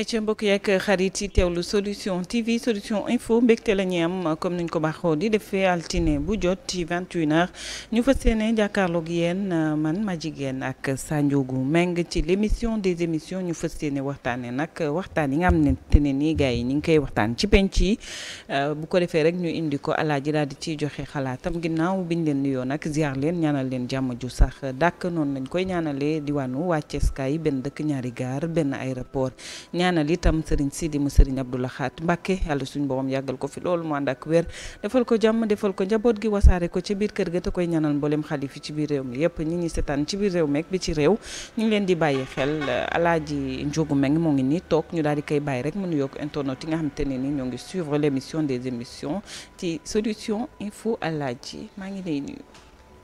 ay ca mbokk yeeg xarit yi teewlu solution TV solution info mbégte la ñuy am comme niñ ko baaxoo di defee altine bu jot ci 21h ñu fas yéene jàkkaarlook yéen man ma jigéen ak Sanjogu nga ci l' émission des émissions ñu fas yéene waxtaanee nag waxtaan yi nga xamante ne nii gars yi ñu ngi koy waxtaan ci penc yi euh, bu ko defee rek ñu indi ko alaaji daal di ciy joxe xalaatam ginnaaw biñ leen nuyoo nag ziar leen ñaanal leen jàmm ju sax dàkk noonu lañ koy ñaanalee diwaanu waa Cees benn dëkk ñaari gaar benn aéroport. ñaanal itam Serigne Sidi mu Serigne Abdou Lahad suñu borom yàggal ko fi loolu mu ànd ak ko jàmm defal ko njaboot gi wasaare ko ci biir kër ga te koy ñaanal mboolem xalif yi ci biir réew mi yëpp ñi ñi setaan ci biir réew meeg bi ci réew ñu leen di bàyyi xel alaaji Njóogu Meng moo ngi nii toog ñu daal di koy bàyyi rek mu nuyoo ak internautes yi nga xamante ne ni ñoo ngi suivre l'émission des émissions ci solution info alaaji maa ngi lay nuyu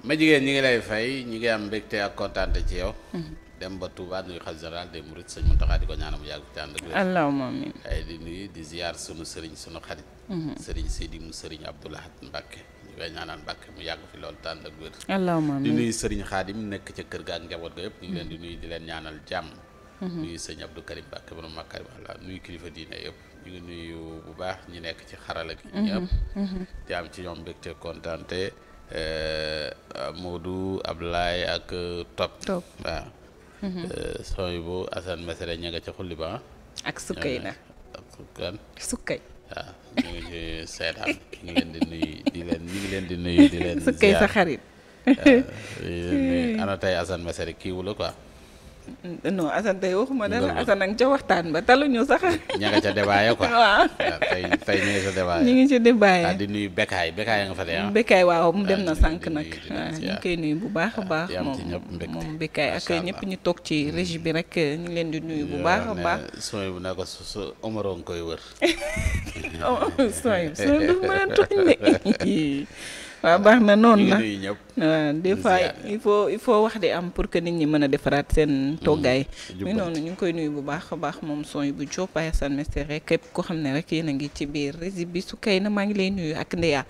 ma jigéen ñi ngi lay fay ñi ngi am mbégte ak kontaan ci yow mm-hmm. dem ba Touba nuyu xalifa général des Mourides sëñ Mountakha ko ñaanal mu yàgg ci ànd ak wér. allahumma amiin ay di nuyu di ziar sunu sëriñ sunu xarit. Mhm. sëriñ Sidi mu sëriñ Abdou Lahad Mbacke mu yàgg fi loolu tànn ak wér. allahumma amiin di nuyu sëriñ Xaadim nekk ca kër gaa ak njaboot ga yëpp. ñu leen di mhm. nuy di leen ñaanal jàmm. Mhm. nuyu sëñ Abdou Karim Mbacke borom Makarim Allah nuyu kilifa diine yëpp ñu ngi nuyu bu baax ñi nekk ci xarala gi. ñëpp di ci ñoom mbégte kontaante eh, Modou Abdoulaye ak eh, Mm-hmm. Euh, sooy bu Assane Mesere ña nga ca xulli ba ak sukkay na ak kan sukkay waaw ñu ngi ci seetaan ñu ngi leen di nuyu di leen ñu ngi leen di nuyu di leen sukkay sa xarit ana tey Assane kiiwu la quoi non Assane tey waxuma dara Assane nag ca waxtaan ba taluñu sax. ña nga ca débaayé quoi. waaw tey ñu ngi ca débaayé. ñu ngi Bekkaay Bekkaay nga fa de ah. Bekkaay waaw mu dem na sànq nag. ñu ngi koy nuyu bu baax a ah, baax. moom moom Bekkaay ak ñëpp ñu toog ci mm. régie bi rek ñu leen di nuyu bu baax a baax. sooy bu ne su su nga koy wër. sooy oh, sooy du mën a tooñ de. waaw baax na noonu la Euh, des fois il faut il faut wax di am pour que nit ñi mën a defaraat seen mm. toggaay mais noonu ñu ngi koy nuyu bu baax a baax moom son bu Diop Ayassane Mestere rek képp ko xam ne rek yéen a ngi ci biir résib bi su kay na maa ngi lay nuyu ak ndeyaa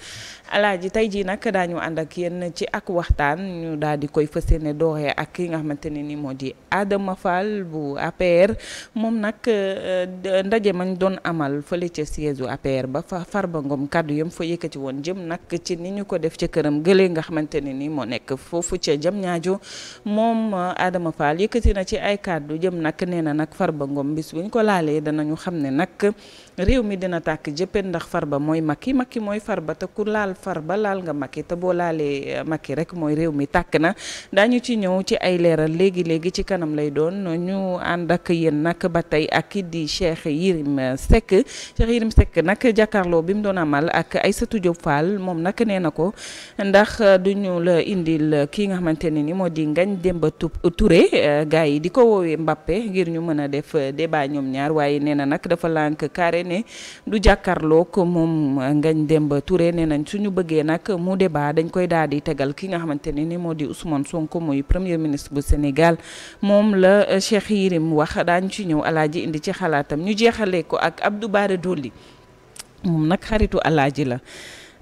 alaaji tey jii nag daañu ànd ak yéen ci ak waxtaan ñu daal di koy fas yéene dooree ak ki nga xamante ne ni moo di Adama Fall bu APR moom nag euh, ndaje mañ doon amal fële ca siège u ba fa far ba kàddu yam fa yëkkati woon jëm nag ci ni ñu ko def ca këram gëlee nga xamante ne nii moo nekk foofu ca jam ñaajo moom eh, Adama Fall yëkkati na ci ay kàddu jëm nag nee na nag Farba Ngom bis buñ ko laalee danañu xam ne nag réew mi dina tàkk jëppee ndax far ba mooy mag ki mooy Farba te ku laal far ba laal nga mag Macky te boo laalee euh, Macky rek mooy réew mi tàkk na daañu ci ñëw ci ay leeral léegi léegi ci kanam lay doon ñu ànd ak yéen nag ba tey ak ki di Cheikh Yirim sekk Cheikh Yirim Seck nag jàkkaarloo bi mu doon amal ak Aïssatou Diop Fall moom nag nee na ko ndax euh, du duñu la indil ki nga xamante ne nii moo di Ngagne Demba euh, Touré gars yi di ko woowee Mbappé ngir ñu mën a def débat ñoom ñaar waaye nee na nag dafa lànk ne du jàkkaarloog moom Ngagne Demba ture nee nañ suñu bëggee nag mu débat dañ koy daal di tegal ki nga xamante ne ni moo di Ousmane Sonko muy premier ministre bu Sénégal moom la Cheikh Yérim wax daañu ci ñëw alaaji indi ci xalaatam ñu jeexalee ko ak Abdou Bara Dolly moom nag xaritu alaaji la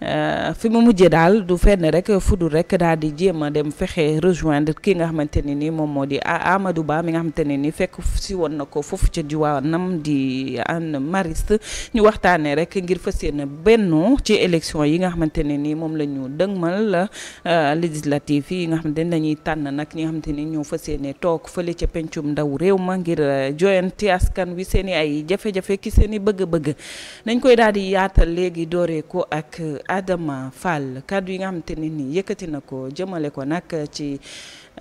Euh, fi mu mujjee daal du fenn rek fudul rek daal di jéem a dem fexe rejoindre ki nga xamante ne ni moom moo di Amadou Ba mi nga xamante ne ni fekk si woon na ko foofu ca diwaanam di an mariste ñu waxtaanee rek ngir fas yéene bennoo ci élection yi nga xamante ne ni moom la ñu dëgmal euh, législative yi nga xamante ne dañuy tànn nag ñi nga xamante ni ñoo fas yéene toog fële ca pencum ndaw réew ma ngir euh, joyanti askan wi seen i ay jafe-jafe ki seen i bëgg-bëgg nañ koy daal yaatal léegi dooree ak. Adama Fall kàddu yi nga xamante ne nii yëkkati na ko jëmale ko nag ci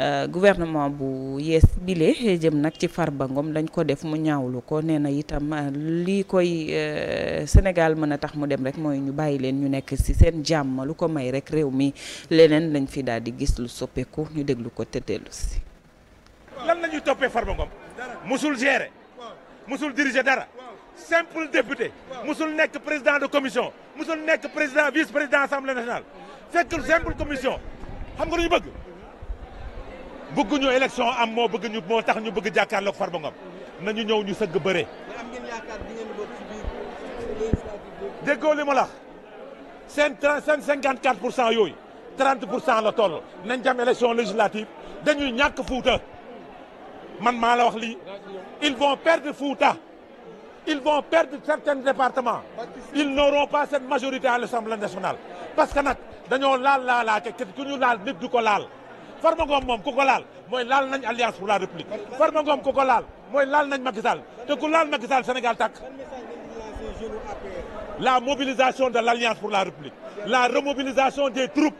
euh, gouvernement bu yees bile jëm nag ci Farba Ngom dañ ko def mu ñaawlu ko nee na itam euh, lii koy euh, Sénégal mën a tax mu dem rek mooy ñu bàyyi leen ñu nekk ci seen jàmm lu ko may rek réew mi leneen lañ fi daal di gis lu soppeeku ñu déglu ko tëddeelu si. lan la toppee Farba Ngom. musul gérer. musul dara. simple député musul nekk président de commission musul nekk président vice président assemblée nationale fekkul simple commission xam nga lu ñu bëgg bëgguñu élection am moo bëgg ñu moo tax ñu bëgg jàkkaarloog Farba Ngom nañu ñëw ñu sëgg bëre. déggoo li ma la seen seen 54 pour cent yooyu 30 pour cent la toll nañ jam élection législative dañuy ñàkk Fouta man maa la wax lii ils vont perdre Fouta. ils vont perdre certains départements ils n'auront pas cette majorité à l'Assemblée nationale parce que nag dañoo laal laalaake te ku ñu laal nit du ko laal Farba Ngom moom ku ko laal mooy laal nañ alliance pour la république Farba Ngom ku ko laal mooy laal nañ Macky Sall te ku laal Macky Sall Sénégal tak la mobilisation de l'alliance pour la république la remobilisation des troupes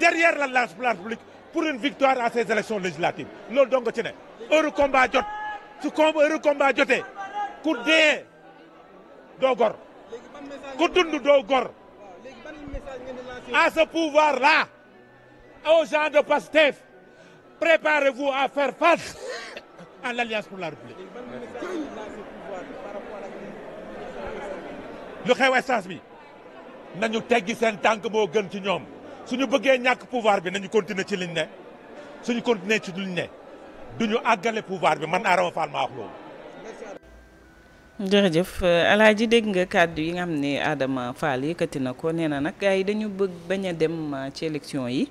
derrière l'alliance pour la république pour une victoire à ces élections législatives loolu dong ci ne heure combat jot su heure combat jotee ku dee doo gor ku dund doo gor à ce pouvoir là aux gens de Pastef préparez-vous à faire face à l'Alliance pour la République lu xew essence bi nañu teggi seen tànk moo gën ci ñoom suñu bëggee ñàkk pouvoir bi nañu continuer ci liñ ne suñu continuer ci liñ ne duñu àggale pouvoir bi man Adama Fall maa wax loolu jërëjëf euh, Alaaji dégg nga kàddu yi nga xam ne Adama Fall yëkkati na ko nee na nag gars yi dañu bëgg bañ a dem euh, ci élection yi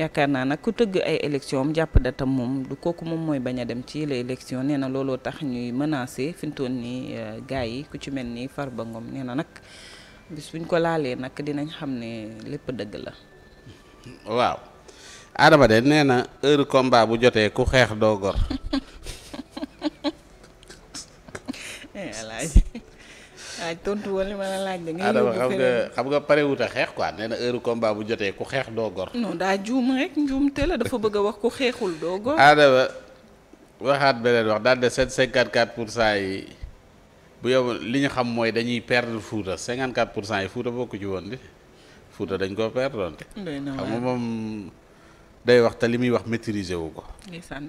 yaakaar naa nag ku tëgg ay élection am jàpp datam moom du kooku moom mooy bañ a dem ci les élection nee na looloo tax ñuy menacé fi mu toll nii euh, gars yi ku ci mel ni Farba Ngom nee na nag bis buñ ko laalee nag dinañ xam ne lépp dëgg la. waaw Adama de nee na heure bu jotee ku xeex doo gor. Eh, alaaj alaaj tontu woon laaj de. nga yóbbu Adama xeex quoi nee na bu jotee ku xeex doo daa juum rek njuumte dafa bëgg a wax ku xeexul doo waxaat beneen wax daal de 54 pour cent yi bu li ñu xam mooy dañuy perdre Fouta 54 pour cent yi Fouta bokku ci woon di dañ koo perdre. xam nga moom. day wax te li muy wax maîtriser wu ko. ndeysaan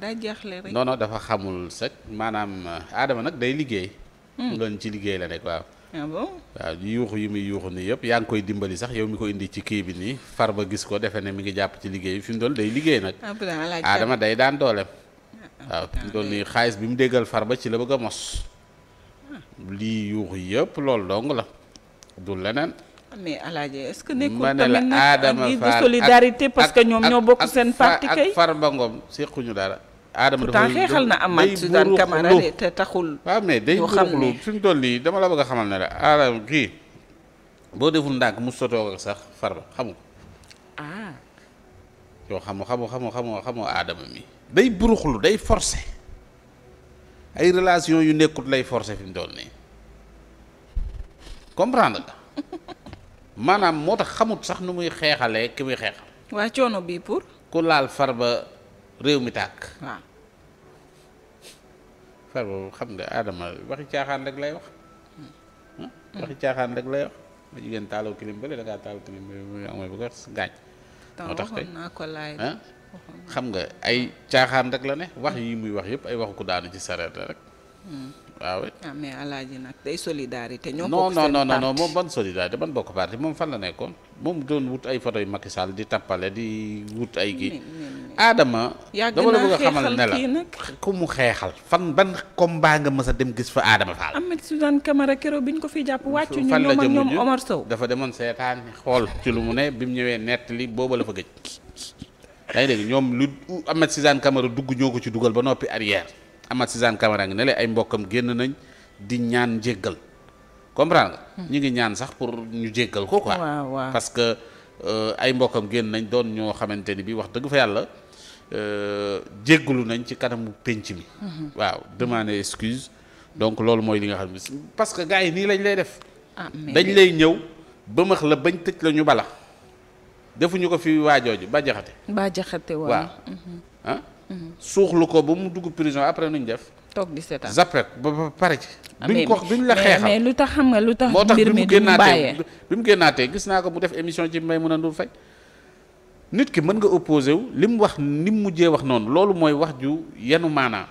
dafa xamul sax maanaam aadama nag day liggéey. Hmm. loolu ci liggéey la nekk waaw. ah bon waaw yuuxu yi muy yuuxu nii yëpp yaa ngi koy dimbali sax yow mi ko indi ci kii bi nii far ba gis ko defe ne mi ngi jàpp ci liggéey fi mu doon day liggéey nag. Ah, Adama day daan doolem. Ah, ah, waaw fi doon nii xaalis bi mu déggal far ba ci la bëgg a mos. lii yuuxu yëpp loolu dong la du leneen. mais Alaaji est-ce que nekkul tamit nag guise de ñoom ñoo bokk seen parti kay ak Farba séquñu dara. aadama dafa xeexal na Amath Suzanne Camara te taxul. waaw mais day buruxlu suñ toll nii dama la bëgg a xamal ne la aadama kii boo deful ndànk mu sotoo ak sax farba ah. xam nga. yoo xamoo xamoo xamu xamoo xamoo aadama mi. day buruxlu day forcé ay relation yu nekkut lay forcé fi mu toll nii comprendre nga maanaam moo tax xamut sax nu muy xeexalee ki muy xeexal. waa coono bii pour. ku laal farba. réew mi tàkk. far boobu xam nga Adama waxi caaxaan rek lay wax. Hmm. Hmm? waxi caaxaan rek lay wax. ma jigéen taaloo kilim bële da ngaa taaloo kilim bële muy amee bu ko gaañ. moo tax kay xam nga ay caaxaan rek la ne wax yi muy wax yëpp ay waxu ko daanu ci sareet rek. Hmm. waaw ah mais alaaji nag day solidarité. ñoo bokk non non non non moom ban solidarité ban bokk parti moom fan la nekkoon moom doon wut ay foto yu Macky Sall di tappale di wut ay kii. aadama yàgg dama la bëgg a xamal ne la ku mu xeexal fan ban combat nga mës a dem gis fa Adama Fall. Ahmed Suzanne Camara keroog bi ñu ko fi jàpp wàccu ñu ñoom ak ñoom Omar Sow. dafa demoon seetaan xool ci lu mu ne bi mu ñëwee nett li booba la fa gëj. yaa ngi dégg ñoom lu Ahmed Suzanne Camara dugg ñoo ko ci dugal ba noppi arrière. Amath Suzanne Camara ngi ay mbokkam génn nañ di ñaan jéggal comprendre nga. Hmm. ñu ngi ñaan sax pour ñu jéggal ko quoi. parce que euh, ay mbokkam génn nañ doon ñoo xamante ni bi wax dëgg fa yàlla euh, jéggalu nañ ci kanamu penc mi. Hmm. waaw demander excuse donc loolu mooy li nga xam ne parce que gars yi nii lañ lay def. Ah, dañ lay ñëw bëmax la bañ tëj la ñu bala. defuñu ko fi waajooju ba jaxate. waaw. Hmm. suuxlu ko ba mu dugg prison après nuñ def. toog di seetaan zappet ba ba pare ci. Ah, duñ ko duñ la xeexal mais lu tax xam nga lu tax. mbir mi duñ bàyyee moo tax bi mu génnaatee gis naa ko mu def émission ci Maimouna Ndour Faye nit ki mën nga opposé wu li mu wax ni mu mujjee wax noonu loolu mooy wax ju yenu maanaa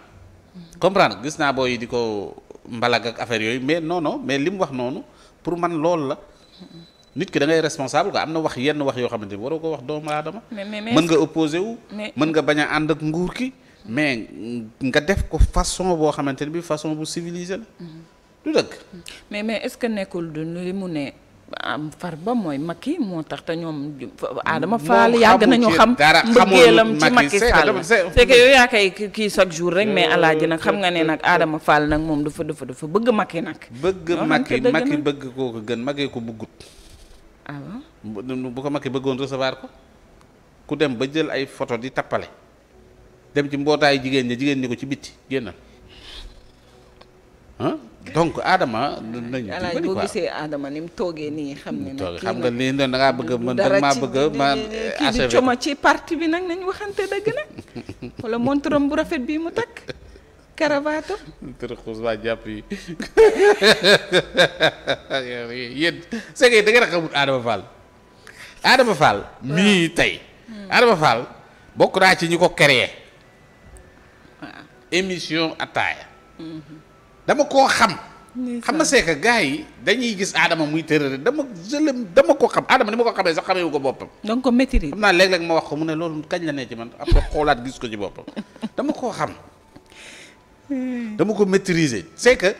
comprendre gis naa booy di ko mbalag ak affaire yooyu mais noonu mais li mu wax noonu pour man loolu la. nit ki da ngay responsable quoi am na wax yenn wax yoo xamante ni waroo ko wax doomu aadama. mën nga opposé wu. mën nga bañ a ànd ak nguur ki mais nga def ko façon boo xamante ni bi façon bu civilisée la. Mm-hmm. du dëgg. mais mais est-ce que nekkul du li mu ne far ba mooy Macky moo tax te ñoom. Adama Fall yàgg nañu xam. mbëggeelam ci Macky Sall c'est que yow yaa kay kii chaque jour rek mais euh, alaaji nag xam nga ne euh, nag euh, Adama Fall nag moom dafa dafa dafa bëgg Macky nag. bëgg Macky Macky bëgg koo gën Macky ko bëggut. Ah bu ko Macky bëggoon recevoir ko ku dem ba jël ay photo di tappale dem ci mbootaayu jigéen ñi jigéen ñi ko ci bitti génnal ah donc Adama. nañu ci gisee Adama ni mu toogee nii xam ne nag xam nga lii da ngaa bëgg mën da maa bëgg a ma. coma ci parti bi nag nañu waxante dëgg nag wala montre bu rafet bii mu takk. karabaatu. tërëxus waa jàpp yi yéen c'est que da ngeen a xamul Adama Fall. Adama Fall. mii tey. Adama Fall bokk naa ci ñi ko créé. émission ataaya. Mhm. dama koo xam. xam na c'est que yi dañuy gis Adama muy tërëre dama jëlem dama ko xam Adama ni ma ko xamee sax xamee wu ko boppam. donc ko maîtriser. xam naa léeg-léeg ma wax ko mu ne loolu kañ la ne ci man après xoolaat gis ko ci boppam dama koo xam. dama ko maîtriser c'est que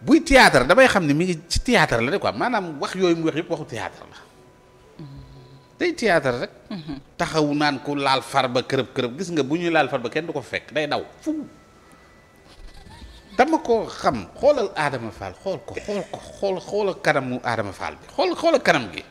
buy théâtre damay xam ne mi ngi ci théâtre la de quoi maanaam wax yooyu mu wax yëpp waxu théâtre la day théâtre rek taxawu naan ko laal far ba kërëb kërëb gis nga bu ñuy laal far ba kenn du ko fekk day daw fu dama ko xam xoolal aadama Fall xool ko xool ko xool xoolal kanamu Adama Fall bi xool xoolal kanam gi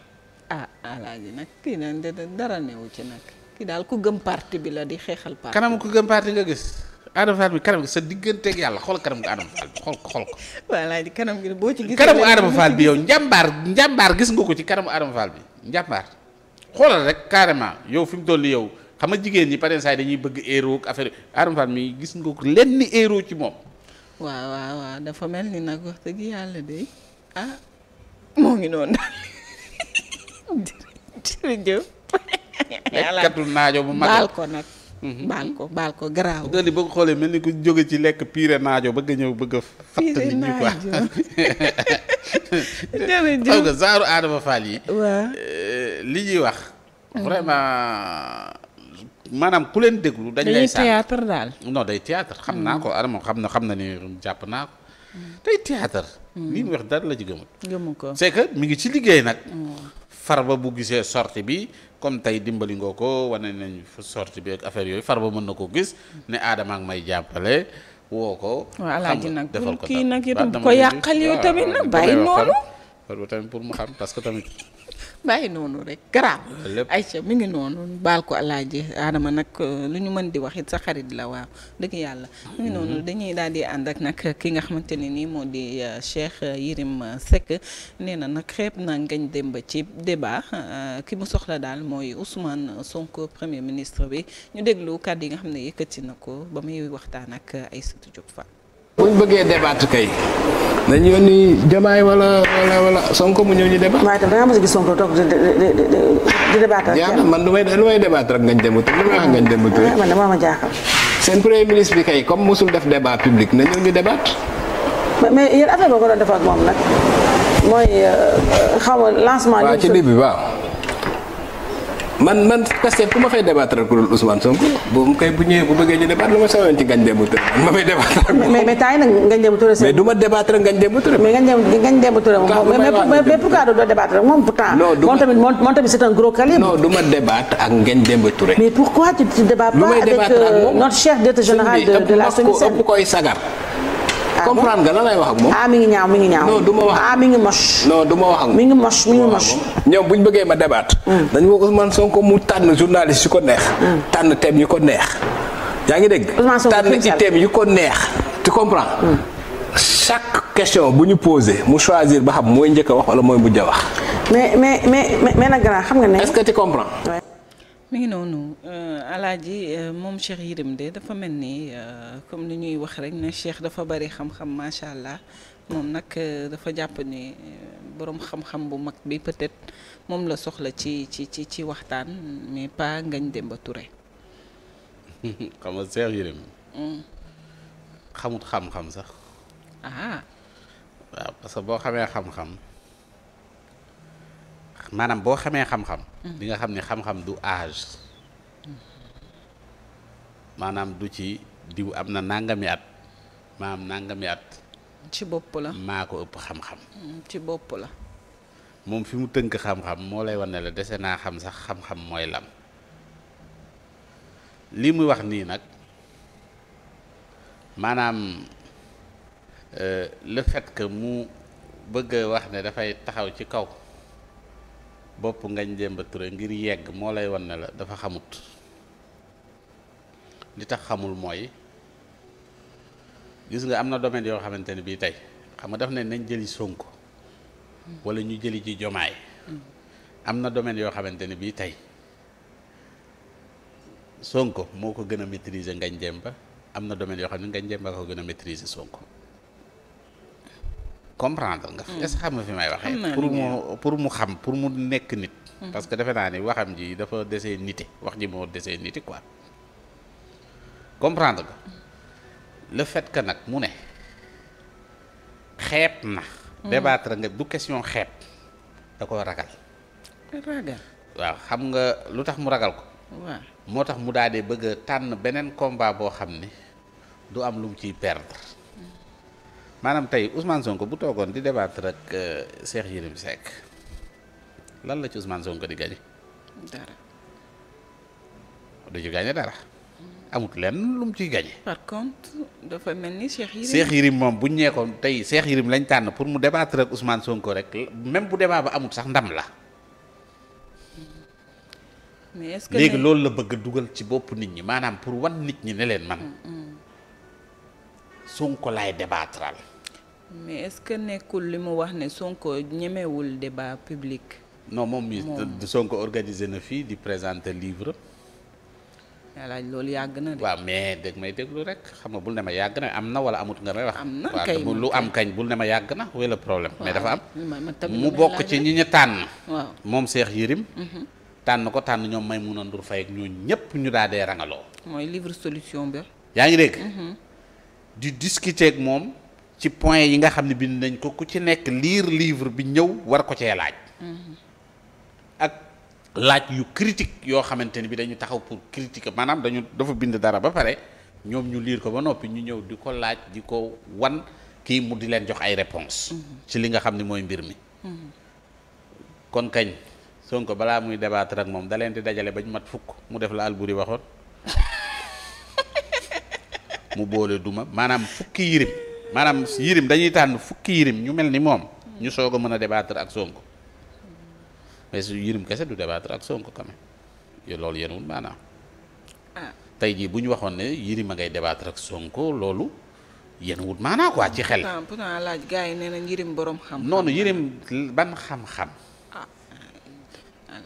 ah alaaji nag kii nag dara newu ci nag kii daal ku gëm parti bi la di xeexal parti kanamu ku gëm parti nga gis Adama Fall bi kanam gi sa digganteek yàlla xool kanam gi Adama Fall bi xool ko xool ko. voilà kanam gi boo ci gis. kanamu Adama Fall bi yow njàmbaar njàmbaar gis nga ko ci kanamu Adama Fall bi njàmbaar xoolal rek carrément yow fi mu toll yow xam nga jigéen ñi parents yi dañuy bëgg héros ak affaire Adama Fall mi gis nga ko lenn héros ci moom. waaw waaw dafa mel ni nag wax dëgg yàlla de ah moo ngi noonu daal jërëjëf. naajo bu mag baal ko nag. Mhm. baal ko baal ko garaaw. daal di ba xoolee mel ni ku jóge ci lekk piire naajo bëgg a ñëw bëgg a. fàttali ñu nga genre Adama Fall yi. Eh, li ñuy wax. Mm. vraiment. maanaam ku leen déglu dañ lay. sànq daal. non day théâtre xam ko Adama xam na xam na ni jàpp naa ko. tey théâtre hmm. lii mu wax dara la ci gëmul gëmu ko c'est que ngi ci liggéey nag hmm. ba bu gisee sortie bi comme tey dimbali nga ko wane nañ sortie bi ak affaire yooyu ba mën na ko gis hmm. ne aadama ak may jàppale woo ko waaw alaaji nag pour kii nag itam ko yàqal yow tamit nag bàyyi noonu pour mu xam parce que tamit bàyyi noonu rek garaaw Aïcha mi ngi noonu baal ko ji Adama nag euh, lu ñu mën di wax sa xarit la waaw dëgg yàlla mi ngi noonu mm-hmm. dañuy daal di ànd ak nag ki nga xamante ne nii moo di euh, Cheikh Yirim Seck nee na nag xeeb na ngañ dem ba ci débat euh, ki mu soxla daal mooy Ousmane sonk premier ministre bi ñu déglu kàddu yi nga xam ne yëkkati na ko ba muy waxtaan ak Aïssatou Diop Fall bu ñu bëggee débattre kay dañu yónni Diomaye wala wala wala Sonko mu ñëw ñu débat. waaye itam a gis Sonko toog di di di di man lu may lu may débattre ak ngañ dem ba lu may wax ngañ dem ba ah, tey. man dama ma jaaxal. seen premier ministre bi kay comme mosul def débat public nañ ñëw ñu débattre. mais mais yéen affaire boo ko doon def ak moom nag mooy euh, xaw lancement. waaw ci début waaw. man man Pastef ku ma fay débattre ak kuréel Ousmane Sonko bu mu koy bu ñëwee bu bëggee ñu débattre lu ma sooyoon ci Ngagne Demba Touré man ma fay débattre. mais mais taay nag Ngagne doo débattre moom pourtant. non du ma moom ak Ngagne Demba Touré. mais pourquoi tu te débats pas avec euh, notre chef directeur général de la SOMISEN. ëpp koy sagar. ak moom comprendre nga la lay wax ak moom. ah mi ngi ñaaw mi ngi ñaaw. non du ma wax ah, ngi mos. non ma wax ak moom mi ngi mos mi ñoom bu ñu bëggee ma debaat hmm. dañu ko Ousmane Sonko mu tànn ko neex. Hmm. tànn thème yu ko neex. yaa ngi dégg. tànn ci thème yu ko neex. tu comprends. Hmm. chaque question bu ñu posé mu choisir ba xam mooy njëkk a wax wala mooy mujj a wax. mais mais mais mais nag grand xam nga ne. est-ce que tu comprends. mi ngi noonu euh, alaaji euh, moom Cheikh Yérim de dafa mel ni euh, comme ni ñuy wax rek ne Cheikh dafa bari xam-xam macha allah moom nag dafa jàpp ni boroom xam-xam bu mag bi peut-être moom la soxla ci ci ci ci waxtaan mais pas Ngagne Demba Touré. xam nga Cheikh Yérim. Mm. sax. ah. que boo xamee xam-xam maanaam boo xamee xam-xam. di nga xam ne xam-xam du age maanaam du ci diw am na nangami at maam nangami at ci bopp la maa ko ëpp xam-xam mm, ci bopp la moom fi mu tënk xam-xam moo lay wan ne la dese naa xam sax xam-xam mooy lam li mu wax nii nag maanaam euh, le fait que mu bëgg wax ne dafay taxaw ci kaw bopp Ngagne ba Touré ngir yegg moo lay wan ne la dafa xamut li tax xamul mooy gis nga am na domaine yoo xamante ne bii tey xam nga daf ne nañ jëli Sonko wala ñu jëli ji Jomaay am na domaine yoo xamante ne bii tey Sonko moo ko gën a maîtriser Ngagne Demba am na domen yoo xam ne Ngagne ba ko gën a maîtriser Sonko comprendre nga. Hmm. est-ce que xam nga fi may waxee. pour mu pour mu xam pour mu nekk nit. Hmm. parce que defe naa ni waxam ji dafa dese nite wax ji moo desee nite quoi comprendre nga hmm. le fait que nag mu ne xeeb na. débattre nga du question xeeb da ko ragal. ragal waaw xam nga lu tax mu ragal ko. moo tax mu daal di bëgg a tànn beneen combat boo xam ne du am lu mu ciy perdre. maanaam tey Ousmane Sonko bu toogoon di débattre ak euh, Cheikh Yérim Seck lan la ci Ousmane ko di gañe dara du ci gañe dara amut lenn lu mu ciy gañe par contre dafa mel ni Cheikh Yérim Cheikh moom bu ñu nekkoon tey Cheikh Yérim lañ tànn pour mu débattre ak Ousmane Sonko rek même bu débat ba amut sax ndam la. mais est léegi loolu la bëgg dugal ci bopp nit ñi maanaam pour wan nit ñi ne leen man. Mm, mm. Sonko laay débattral mais est-ce que nekkul li mu wax ne Sonko ñemewul débat public. non moom mi Sonko organisé na fii di présenter livre. alaaj loolu yàgg na de. waaw mais dégg may déglu rek xam nga bul ne ma yàgg na am na wala amut nga may am na kay lu bul ne ma yàgg na wala problème. mais dafa am mu bokk ci ñi ñu tànn. moom seex Yérim. Mhm. tànn ko tànn ñoom Maïmouna Ndour Faye ak ñooñu ñëpp ñu daa dee rangaloo. mooy livre solution bi. yaa ngi dégg. Mhm. di discuter ak moom. ci point yi nga xam ne bind nañ ko ku ci nekk lire livre bi ñëw war ko cee laaj mm-hmm. ak laaj yu critique yoo xamante ni bi dañu taxaw pour critiquer maanaam dañu dafa bind dara ba pare ñoom ñu liir ko ba noppi ñu ñëw di ko laaj di ko wan kii mu di leen jox ay réponse mm-hmm. ci li nga xam ne mooy mbir mi mm-hmm. kon kañ Sonko balaa muy débattre rek moom da leen di dajale bañ mat fukk mu def la Alburi waxoon mu boole duma maanaam fukki yirim maanaam yirim dañuy tànn fukki yirim ñu mel ni moom ñu soog a mën a débattre ak sonk mais su yirim kese du débattre ak sonk quand loolu yéen wul maanaam ah. tey jii bu ñu waxoon ne yirim a ngay débattre Sonko loolu yéen wut maanaa quoi ci xel. pourtant pourtant laaj gars yi nee na yirim borom xam. noonu yirim ban xam-xam. ah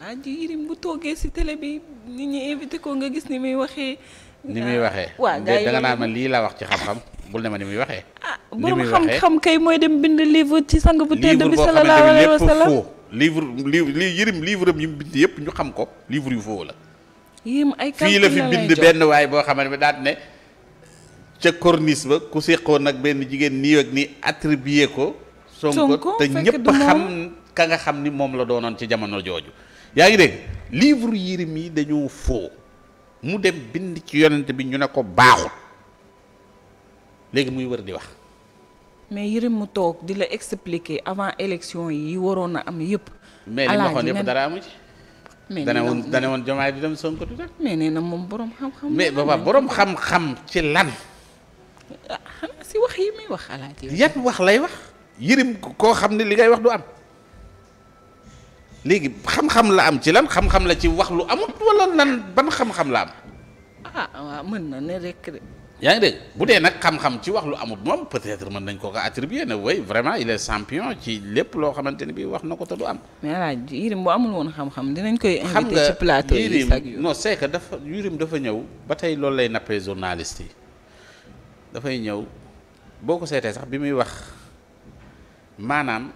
laaj yirim bu toogee si télé bi nit ñi invité ko nga gis ni muy waxee. ni muy ah, waxee. waa gars yi da nga lii laa wax ci xam-xam bul ne ma ni muy waxee. Ah, borom xam-xam kay mooy dem bind livre ci sang bu tedd bi sallallahu alayhi wa sallam livre livre li yërim livre am yi mu bind yëpp ñu xam ko livre yu foo la ay fii la fi benn waay boo xamante bi daat ne ca corniche ba ku séqoon nag benn jigéen nii ak nii attribué ko Sonko te ñépp xam ka nga xam ni moom la doonoon ci jamono jooju yaa ngi de livre yërim yi dañoo foo mu dem bind ci yonent bi ñu ne ko baaxul léegi muy war di wax mais Yérim mu toog di la expliquer avant élection yi waroon a am yëpp. mais li ma waxoon dara amu ci. mais dana woon dana woon jomaay di dem Sonko du rek. mais nee na moom borom xam-xam. mais baba borom xam-xam ci lan. ah xanaa si wax lay wax. Yérim koo xam ne li ngay wax du am. léegi xam la am ci lan xam la ci wax lu amut wala lan ban xam-xam la am. ah waaw mën na ne rek. yaa ngi de bu dee nag xam-xam ci wax lu amut moom peut-être mën nañ koo ko attribuer ne way vraiment il est champion ci lépp loo xamante ni bi wax na ko te du am. mais voilà Yirim bu woon xam-xam dinañ koy. invité ci plateau yi xam nga Yirim non c'est que dafa Yirim dafa ñëw ba tey loolu lay nappee journaliste yi dafay ñëw boo ko seetee sax bi muy wax maanaam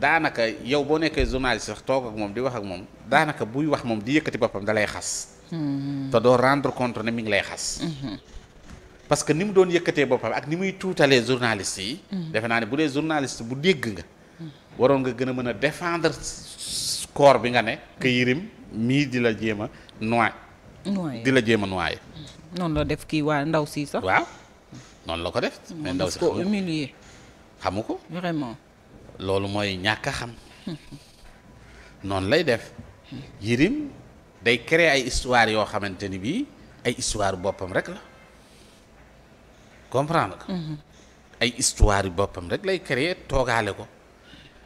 daanaka yow boo nekkee journaliste sax toog ak moom di wax ak moom daanaka buy wax moom di yëkkati boppam da lay xas. Hmm. te doo rendre compte ne mi ngi lay xas. Hmm. parce que ni mu doon yëkkatee boppam ak ni muy tuutalee journaliste yi. defe naa ne bu dee journaliste bu dégg nga. waroon nga gën a mën a défendre corps bi nga ne. que Yérim mii di la jéema a noyyi. di la jéem a noyyi. noonu la def kii waa ndaw si sax. waaw noonu la ko def. mais ndaw si ko humilier. xamu ko loolu mooy ñàkk a xam. noonu lay def. Yérim day créer ay histoire yoo xamante ni bii ay histoire boppam rek la. comprendre nga. Mhm. ay histoire yu boppam rek lay créer toogaale ko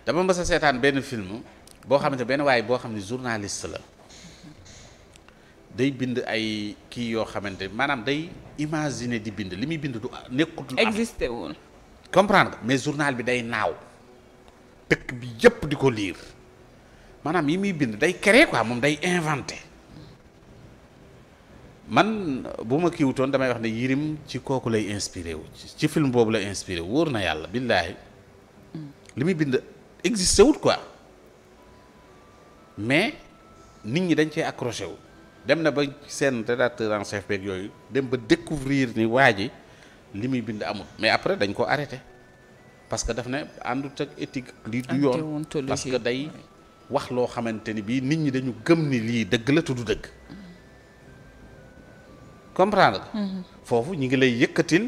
dama mës a seetaan benn film boo xamante benn waaye boo xam ne journaliste la day bind ay kii yoo xamante maanaam day imaginer di bind li muy bind du nekkutul. existé woon comprendre nga mais journal bi day naaw dëkk bi yëpp di ko liir maanaam yi muy bind day créer quoi moom day inventé. man bu ma kiiwutoon damay wax ne Yirim ci kooku lay inspiré wu ci film boobu lay inspiré wóor na yàlla billaahi li muy bind existé wut quoi mais nit ñi dañ cee accroché wu dem na ba seen rédacteur en chef beeg yooyu dem ba découvrir ni waa ji li muy bind amul mais après dañ ko arrêté parce que daf ne àndut ak éthique lii du yoon parce day wax loo xamante ni bii nit ñi dañu gëm ni lii dëgg la tudd dëgg comprendre nga. Mhm. foofu ñu ngi lay yëkkatil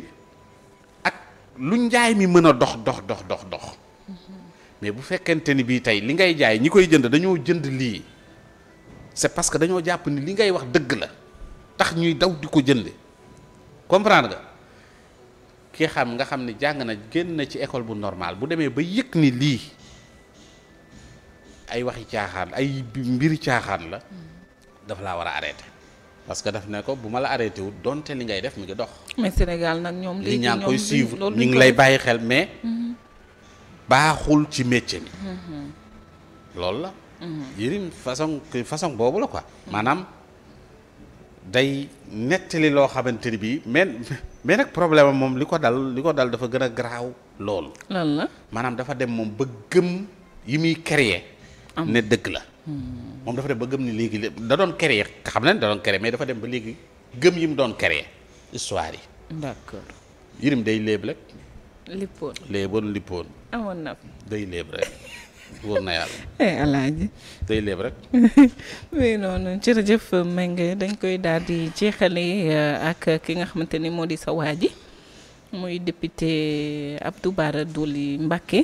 ak lu njaay mi mën a dox dox dox dox dox. Mhm. mais bu fekkente ni bii tey li ngay jaay ñi koy jënd dañoo jënd lii c'est parce que dañoo jàpp ni li ngay wax dëgg la tax ñuy daw di ko jënd comprendre ga ki xam nga xam ni jàng na génn na ci école bu normal bu demee ba yëkk ni lii ay waxi caaxaan ay mbiri caaxaan la mhm. dafa laa war a arrêter. parce que daf ne ko bu ma la arrêté wut donte li ngay def mi ngi dox. mais Sénégal nag ñoom léegi ñoom ñaa ngi koy suivre ñu ngi lay bàyyi xel mais. Mhm. baaxul ci métier mi. Mhm. loolu la. Mhm. Yérim façon façon boobu la ko maanaam day nettali loo xamante ni bii mais mais nag problème moom li ko dal li ko dal dafa gën a garaaw loolu. lan la maanaam dafa dem moom ba gëm yi muy créer ne dëgg la. moom dafa dem ba gëm ni léegi da doon créer xam nañ da doon créer mais dafa dem ba léegi gëm yi mu doon créer histoire yi. d'accord Yérim day léeb rek. lippoon léeboon lippoon. amoon na day léeb rek. wóor eh, dañ koy daal di jeexale euh, ak ki nga xamante ni moo di sa waa ji muy député Abdou Bara Dolly Mbacké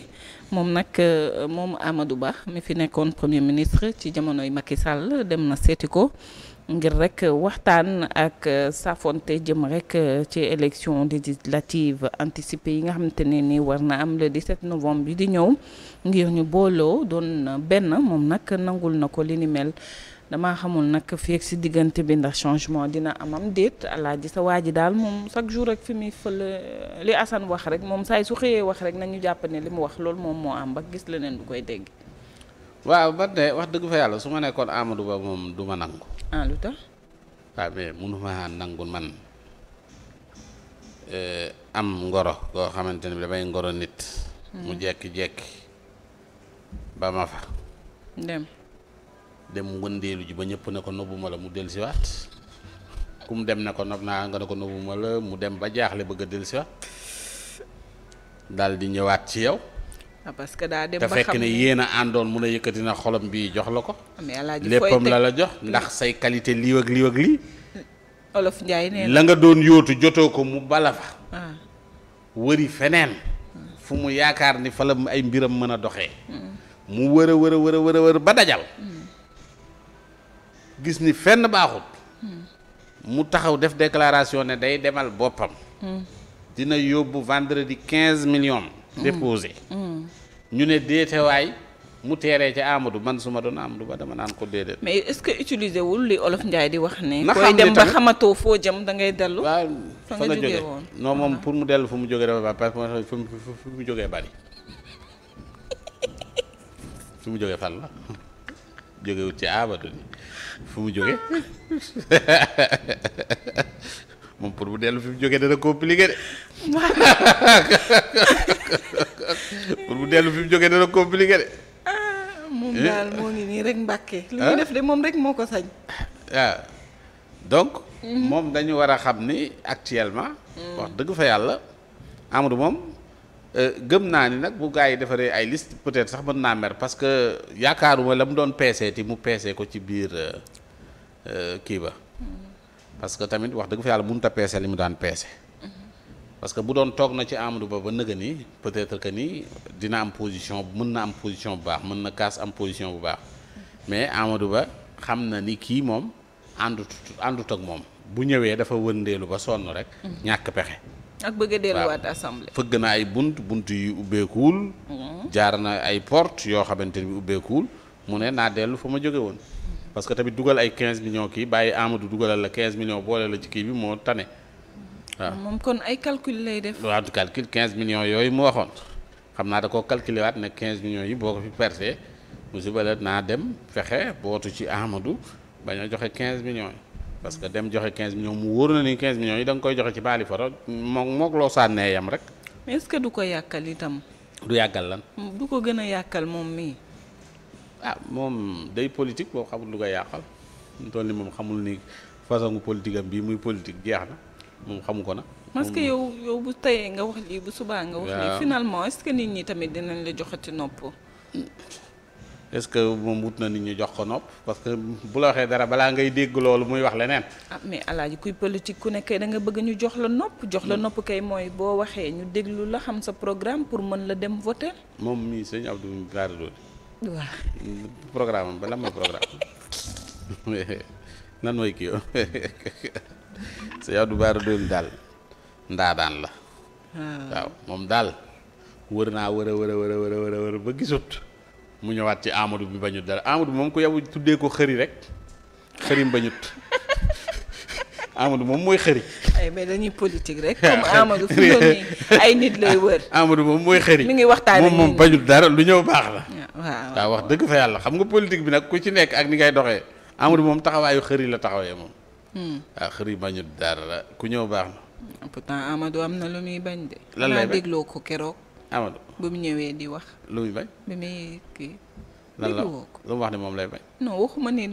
moom nag euh, moom Amadou Ba mi fi nekkoon premier ministre ci jamonoy Macky Sall dem na seeti ko ngir rek waxtaan ak euh, safonte jëm rek euh, ci élection législative anticipée yi nga xamante ne ni war na am di 17 novembre bi di ñëw ngir ñu booloo doon benn moom nag nangul na ko li ni mel. damaa xamul nag fii si diggante bi ndax changement dina amam déet ji sa waa ji daal moom chaque jour ak fi muy fële li Assane wax rek moom saay su xëyee wax rek nañu jàpp ne li mu wax loolu moom moo am ba gis leneen du koy dégg. ba wax dëgg fa yàlla su ma nekkoon Amadou Ba moom du ma nangu. ah lu tax. waaw mais ma eh, am ngoro goo xamante ne damay ngoro nit. Hmm. mu jekki jekki ba ma fa. dem. dem wëndeelu ji ba ñëpp ne ko nobbuma la mu dellusiwaat ku mu dem na ko nob naa nga ne ko nobbuma la mu dem ba jaaxle bëgg a dellusiwaat daal di ñëwaat ci yow. Ah, parce que daa dem ba xam te fekk ne yéen a àndoon mun a yëkkati na xolam bi jox la ko. Ah, léppam la la jox ndax say qualité lii ak lii ak lii. olof Ndiaye nee la nga doon yootu jotoo ko mu bala ah. wëri feneen. Hmm. fu mu yaakaar ni fa la ay mbiram mën a doxee. Hmm. mu wër a wër a wër a wër ba dajal. Hmm. gis ni fenn baaxut mu taxaw def déclaration ne day demal boppam dina yóbbu vendredi quinze millions déposé ñu ne déetewaay mu teeree ca Amadou man su ma doon Amadou ba dama naan ko déedéet. mais est-ce que utiliser wul li olof Ndiaye di wax ne. koy dem ba xamatoo foo jëm dangay dellu. waaw fa nga jógee woon non moom ah. pour mu dellu fu mu jóge dafa baax parce que mu fu mu jógee bari fu mu jógee fan la jógewut ci Amadou ni fu mu jóge moom pour bu dellu fi mu jógee dana koo de pour dellu fi mu dana compliqué de. Ah, moom daal moo ngi nii rek mbàkke li muy ah? def de moom rek moo ko sañ. waaw ah. donc. Mhm. moom dañu war a xam ni actuellement. Mhm. wax dëgg fa yàlla Amadou moom. Euh, gëm naa ni nag bu gars yi defaree ay liste peut-être sax mën naa mer parce que yaakaaruma la mu doon peesee ti mu peesee ko ci biir euh, euh, kii ba parce que tamit wax dëgg fa yàlla mënut a peese li mu daan peese parce que bu doon toog na ci Amadou Ba ba nëga ni peut-être que ni dina am position mën na am position bu baax mën na kaas am position bu baax mais Amadou Ba xam na ni kii moom àndut àndut ak moom bu ñëwee dafa wëndeelu ba sonn rek ñàkk pexe ak bëgg a delluwaat assemblée. fëgg na ay bunt bunt yu ubbeekuwul. Mhm. jaar na ay porte yoo xamante ni ubbeekul mu ne naa dellu fa ma jóge woon. parce que tamit dugal ay quinze millions kii bàyyi Amadou dugalal la quinze millions boole la ci kii bi moo tane. waaw moom kon ay calcul lay def. waaw du calcul 15 millions yooyu mu waxoon xam naa de koo calculé waat ne quinze millions yi boo ko fi perse mu subale naa dem fexe bootu ci Amadou bañ a joxe 15 millions parce que dem joxe 15 millions mu wóor na ni 15 millions yi da nga koy joxe ci baali foto moom moog loo sànnee yam rek. mais ce que du ko yàkkal itam. du yàggal lan. du ko gën a yàkkal moom mii. ah moom day politique boo xamul lu ko yàqal mu toll moom xamul ni façon politique am bii muy politique jeex na moom xamu ko na. parce que yow yow bu teyee nga wax lii bu subaa nga. wax lii finalement est-ce que nit ñi tamit dinañ la joxati nopp. est-ce que moom wut na nit ñi jox ko nopp parce que bu la waxee dara balaa ngay dégg loolu muy wax leneen. ah mais alaaji kuy politique ku ne kay da nga bëgg ñu jox la nopp. jox la nopp kay mooy boo waxee ñu déglu la xam sa programme pour mën la dem voter. moom mii sëñ Abdou Bara Dolly. waaw programme am ba lan mooy la. Ah. waaw moom daal wër naa wër a wër a wër a wër a wër ba gisut. mu ñëwaat ci Amadou bi bañut dara Amadou moom ku yow tuddee ko xëri rek xërim bañut Amadou moom mooy xëri. ay mais dañuy politique rek. Amadou nit lay moom mooy xëri. mi ngi waxtaan moom moom bañut dara lu ñëw baax la. waaw wax dëgg fa yàlla xam nga politique bi nag ku ci nekk ak ni ngay doxee. Amadou moom taxawaayu xëri la taxawee moom. Hmm. waaw xëri bañut dara ku ñëw baax na. pourtant Amadou am na lu muy bañ de. lan dégloo ko keroog. Amadou ba mu ñëwee di wax. lu muy bañ. bi muy kii. lan la lu mu wax ne moom lay bañ. non waxuma ni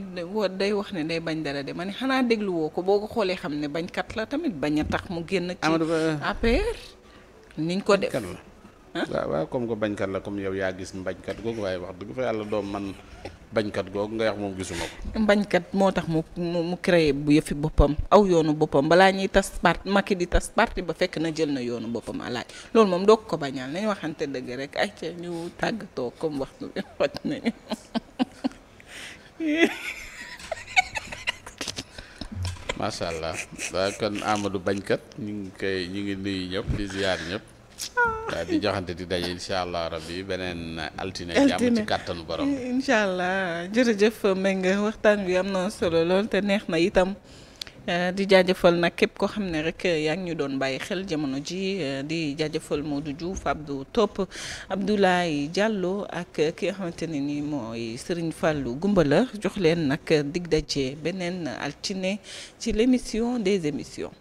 day wax ne day bañ dara de ma ne xanaa dégluwoo ko boo ko xoolee xam ne bañkat la tamit bañ a tax mu génn. Amadou ba ci euh. APR. niñ ko def waaw waaw comme ko bañkat la comme yow yaa gis mbañkat googu waaye wax dëgg fa yàlla doom man bañkat googu nga wax moom gisuma ko. bañkat moo tax mu mu créé bu yëfi boppam aw yoonu boppam balaa ñuy tas parti Macky di tas parti ba fekk na jël na yoonu boppam alaaj loolu moom doo ko bañal nañu waxante dëgg rek ay ca ñu tàggatoo comme waxtu bi xoj nañu. macha allah kon Amadou bañkat ñu ngi koy ñu ngi nuyu ñëpp di ziar waaw di joxante di daje incha allah rabbi beneen altine. altine jàmm ci kàttanu borom. incha allah jërëjëf Mbengue waxtaan bi am na solo lool te neex na itam. Eh, di jaajëfal nag képp koo xam ne rek yaa ngi ñu doon bàyyi xel jamono ji eh, di jaajëfal Modou Diouf Abdou topp Abdoulaye Diallo ak ki nga xamante ne nii mooy Serigne Fallou Goumbala jox leen nag dig daje beneen altine ci l' émission des émissions.